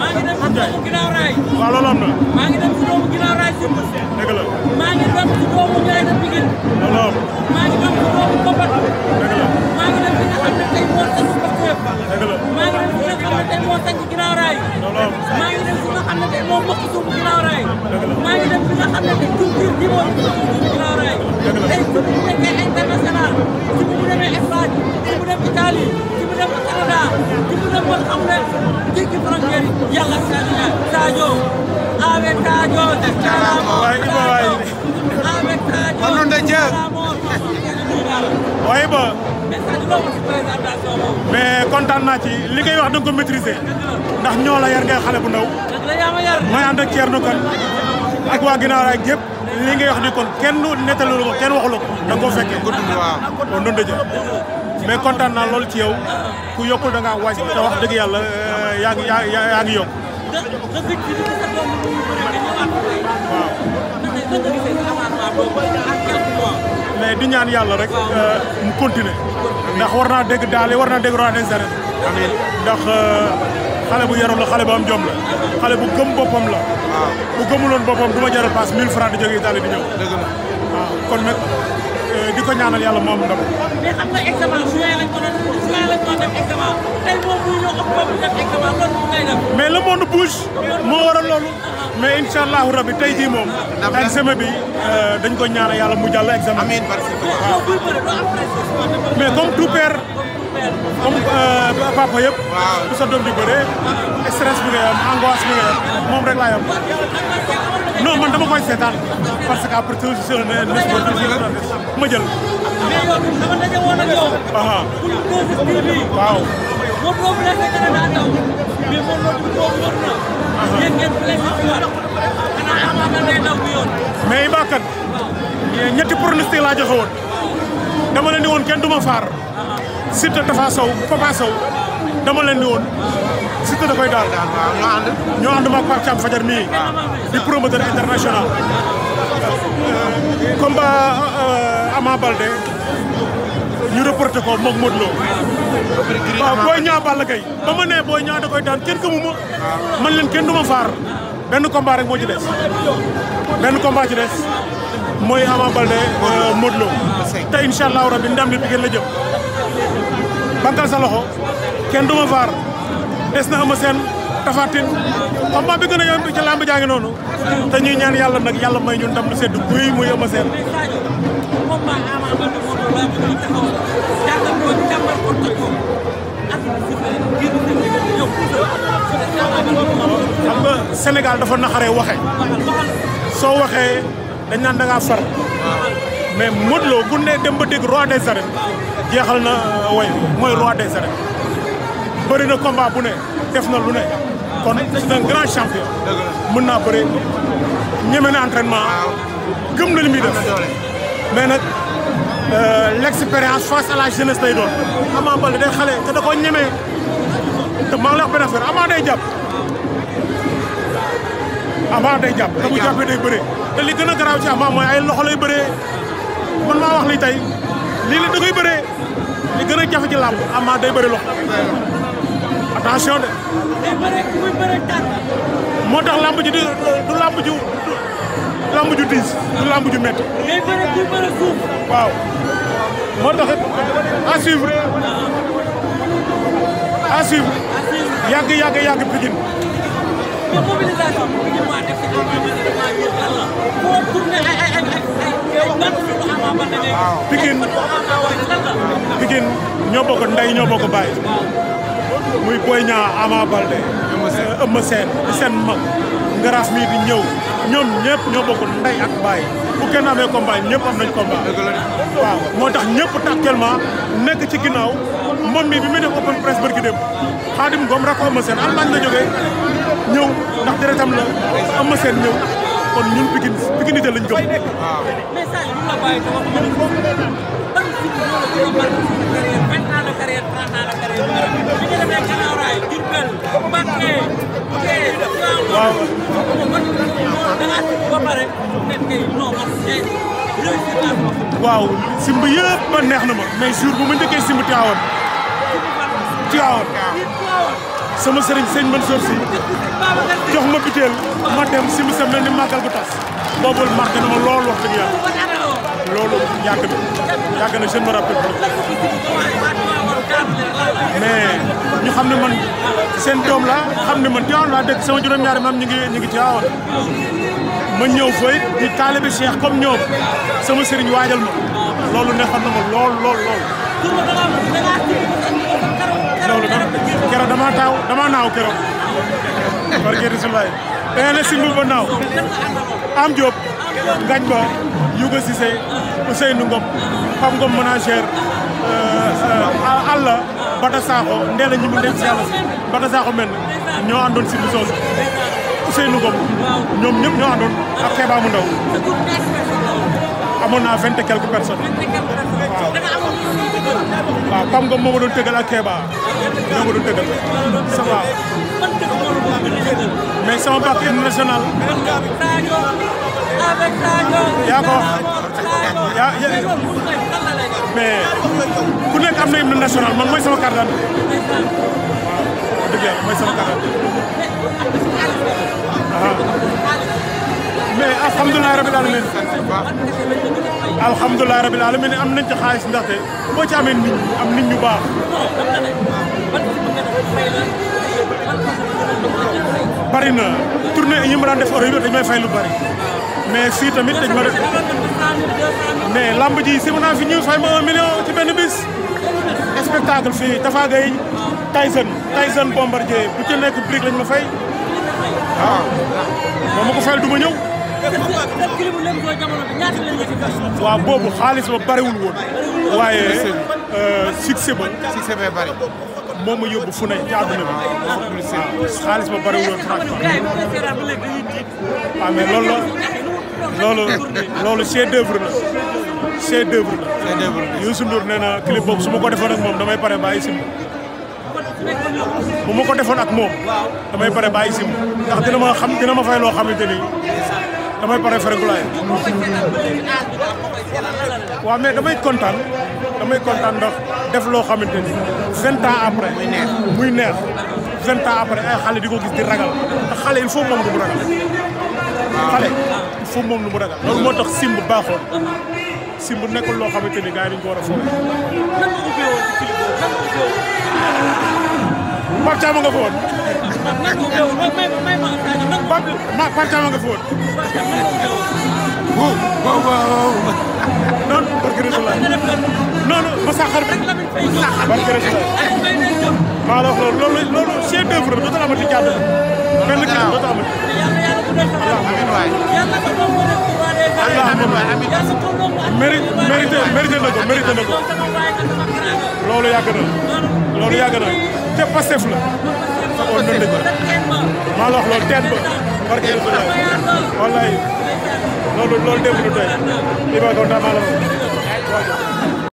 maa ngi dem si doomu ginnaaw raay. waaw loolu am na. maa ngi dem si doomu ginnaaw raay si dëgg la maa ngi dem si doomu Ndiaye de Pikine. loolu maa ngi dem si doomu Kopat. yàlla sadina Sadio avec Sadio def caramo avec Sadio ci li ngay wax da nga ko maîtriser ndax ñoo la yar ngay xale bu ndaw may ànd ak Thierno Kane ak waa ginnaaw ak yëpp li ngay wax ni kon kenn nettalu ko kenn waxu la ko da nga koo fekkee waaw kon non de naa lool ci yow ku yokkul da ngaa wàcc wax dëgg yàlla yaa ngi yaa ngi yokku. mais di ñaan yàlla rek euh, mu continuer ndax war naa dégg daale war naa dégg roi des arènes ndax euh, xale bu yaru la xale bu am jom xale bu gëm boppam la bu gëmuloon boppam du ma jaral paas 1000 francs di jóge Italie di ñëw kon nag mais di ko ñaanal yàlla moom ndam. mais xam nga examen juin lañ ko loolu moom lay def. mais incha allahu rabi tey jii moom. examen bi euh, dañ ko ñaanal yàlla mu jàll examen. amiin parce que waaw mais comme tout père. Euh, papa yëpp. waaw sa doom di bëree. stress bi ngay am bi ngay moom rek laay am. non man dama koy seetaan parce que après tout je ma jël. mais yow dama daje woon ak yow. pour deux jours waaw. moom boo blessé nga ne daa daw. mais moom loolu du boobu na. yéen ngeen blessé ci war. xanaa amaat na day daw yoon. mais Iba Kane. ñetti pronostic laa joxe dama leen di woon kenn du ma faar. Siteu Tafa Sow Papa dama len di woon Siteu da koy dal nga and ñoo and ma ko xam Fajar mi di promoteur international euh, combat euh, Ama balde, ñu reporté ko mok modlo ba boy booy ñaa Balla Gaye ba ma nee ñaa da koy daan kenn gëmuma man len kenn duma far ben combat rek mo ci des ben combat ci des moy Ama balde euh, modlo tay inshallah rabbi ndam bi gën la jëm bantal sa loxo ken duma vaar des na Eumeu Sène Tapha Tine bi gëna a yomb ci lamb jaangi nonu te ñuy ñaan yalla nak yalla may ñun ndam lu sedd buy mu Eumeu sen xam nga Sénégal dafa naxare waxe so waxe dañ nan da nga far mais modlo bu ne dem ba roi des arènes jeexal na euh, way moy roi des arènes bëri na combat bu ne def na lu ne kon c'est un grand champion. mën naa bëri ñeme na entraînement. gëm na li muy def mais nag euh, l' expérience face à la jeunesse lay doon. Ama Baldé day day jàpp. Ama day jàpp te bu jàppee day te li gën a garaaw ci Ama mooy ay loxo lay bëree man maa wax li tey lii la da koy bëree li gën a jafe ci làmb Ama day bëri loxo. attention motax moo lamb ji du lamb ji lamb ji diis du lamb ju métti waaw motax a suivre a suivre yag yag yag yàgg Pikine Pikine ñoo bokk ndey ñoo bokk bàyyi muy Boy Niang Ama Baldé Eumeu Sène di euh, seen mag ngaraaf mii bi ñëw ñoom ñëpp ñoo bokk ndey ak baay bu kenn amee combat ñëpp am nañ combat waaw moo tax ñëpp actuellement nekk ci ginnaaw moom mii bi muy def open press bërki dem Xaadim Ngom rakk Eumeu Sène Allemagne la jógee ñëw ndax deretam la Eumeu Sène ñëw kon ñun Pikine Pikinité lañ gëm message ans de waaw loolu da ngaa ba pare nekk kay non neex na ma mais bu ma njëkkee simb Tiwaawan. Tiwaawan sama sëriñ sëñ Mansour si jox ma biteel ma dem simb sa mel ni màggal bu tas boobu marqué na ma lool wax dëgg loolu yàgg na yàgg na je me rappelle mais ñu xam ne man seen doom la xam ne man Tiwaawan laa dëkk sama juróom-ñaari maam ñu ngi ñu ngi ma ñëw fay di taalibe Cheikh comme ñoom sama sëriñ waajal ma loolu neexoon na ma lool lool lool. dama taaw damaa naaw keroog. barke Rasulullah dana ne simb ba naaw am Diop ngañ ba Yuga Cissé Ousseynou Ngom Pape Ngom manager euh, Alla Bata Sakho Ndella ñi mu dem si yàlla Bata Sakho mel ñoo àndoon si biir soosu Ousseynou Ngom ñoom ñëpp ñoo àndoon ak Kéba mu ndaw amoon naa vingt et quelques personnes waaw waaw Pam Ngom moo ma doon tëggal ak Kéba ñoo ma doon tëggal ça yaa ko mais ku nekk am na hymne national man mooy sama carte d'identité waaw dëgg yàlla sama carte d'identité mais alhamdulilah rabil alamin alhamdulilah rabil alamin am nañ ci xaalis ndaxte boo ci amee nit am nit ñu baax. bari na tournée yi ma daan def Europe dañ may fay lu bari mais fii tamit dañ ma def mais lamb ji si ma naa fi ñu fay ma un million ci benn bis spectacle fii Tafa Gueye Tyson Tyson Bombardier bu ci nekk brique lañ ma fay waaw moom ma ko fayal du ma ñëw waaw boobu xaalis ba bariwul woon waaye euh, succès ba succès ba bari moo ma yóbbu fu ne ci àdduna bi. xaalis ba bëri waaw ah, mais loolu la loolu loolu chef d'œuvre la chef d'œuvre la. chef d'œuvre la Youssou Ndour nee su ma ko defoon ak moom damay pare bàyyi simb. bu ma ko defoon ak moom. damay pare bàyyi simb ndax dina ma xam dina ma fay loo xamante ni damay pare fere gulaay. waaw mais damay kontaan. la kontaan ndax def loo xamante ni vingt ans après. muy neex muy neex vingt ans après ay xale di ko gis di ragal te xale il faut moom ragal. Ah. xale il faut moom ragal. loolu moo tax simb baaxoon simb nekkul loo xamante ni gars yi dañu ko war a foowee. nan nga ubbee ma saxar rek la maa la wax loolu loolu loolu chef d'œuvre la dootul amati jàll benn kër dootul amati yàlla yàlla bu def amin waay yàlla ko doom loolu yàgg maa la wax loolu teet ba loolu loolu démb lu tey li maa la wax